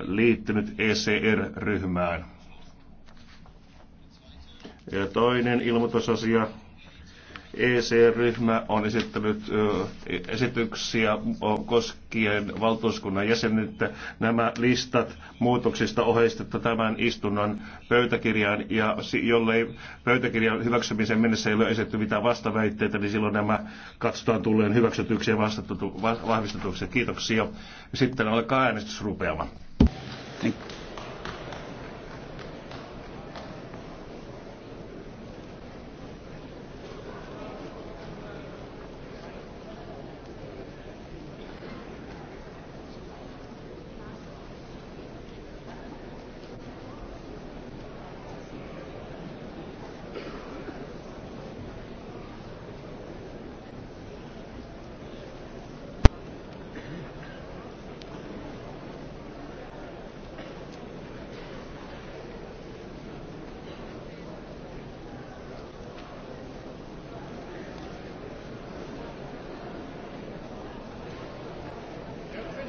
liittynyt ECR-ryhmään. Ja toinen ilmoitusasia. ECR-ryhmä on esittänyt esityksiä koskien valtuuskunnan jäsenyyttä. Nämä listat muutoksista ohjeistetta tämän istunnon pöytäkirjaan, ja jollei pöytäkirjan hyväksymisen mennessä ei ole esitetty mitään vastaväitteitä, niin silloin nämä katsotaan tulleen hyväksytyksi ja vahvistetuksi. Kiitoksia. Sitten alkaa äänestysrupeama. Niin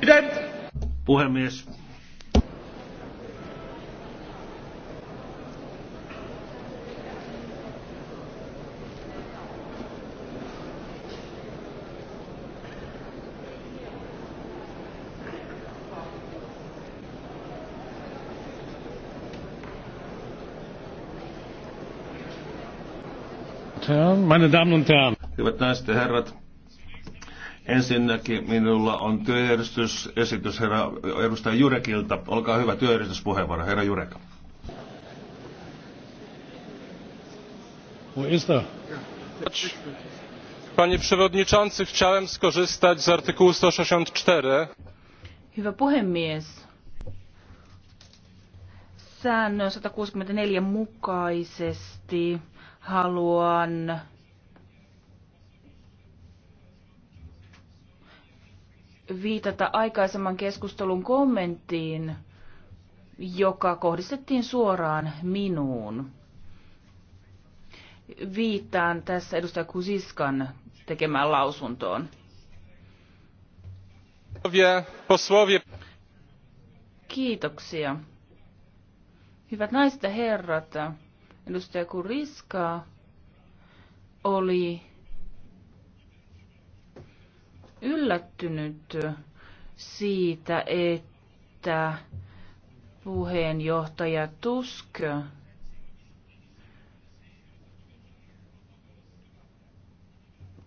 President. Puhemies. Hyvät naiset ja herrat, Ensinnäkin minulla on työjärjestysesitys herra edustaja Jurekilta. Olkaa hyvä työjärjestyspuheenvuoro, herra Jurek. Panie przewodniczący, chciałem skorzystać z artykułu 164. Hyvä puhemies. Säännön 164 mukaisesti haluan viitata aikaisemman keskustelun kommenttiin, joka kohdistettiin suoraan minuun. Viittaan tässä edustaja Kusiskan tekemään lausuntoon. Kiitoksia. Hyvät naiset ja herrat, edustaja Kuriska oli yllättynyt siitä, että puheenjohtaja Tusk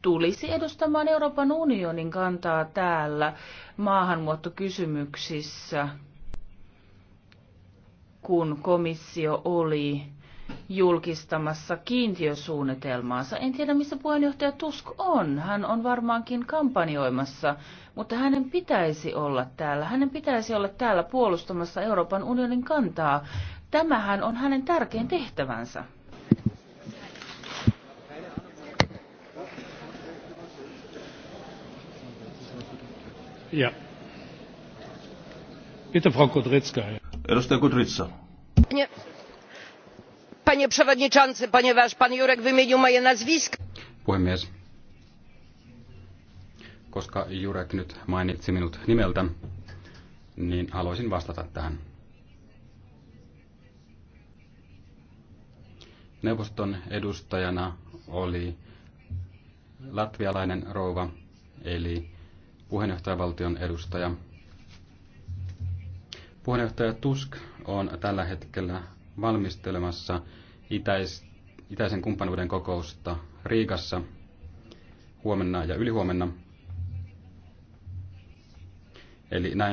tulisi edustamaan Euroopan unionin kantaa täällä maahanmuuttokysymyksissä, kun komissio oli julkistamassa kiintiösuunnitelmaansa. En tiedä, missä puheenjohtaja Tusk on. Hän on varmaankin kampanjoimassa, mutta hänen pitäisi olla täällä. Hänen pitäisi olla täällä puolustamassa Euroopan unionin kantaa. Tämähän on hänen tärkein tehtävänsä. Ja. Bitte Frau Kudritska. Edustaja Kudritsa. Ja panie przewodniczący ponieważ pan jurek wymienił moje nazwisko. puhemies koska jurek nyt mainitsi minut nimeltä niin haluaisin vastata tähän. Neuvoston edustajana oli latvialainen rouva, eli puheenjohtajavaltion edustaja. Puheenjohtaja Tusk on tällä hetkellä valmistelemassa itäis, itäisen kumppanuuden kokousta Riikassa huomenna ja ylihuomenna. Eli näin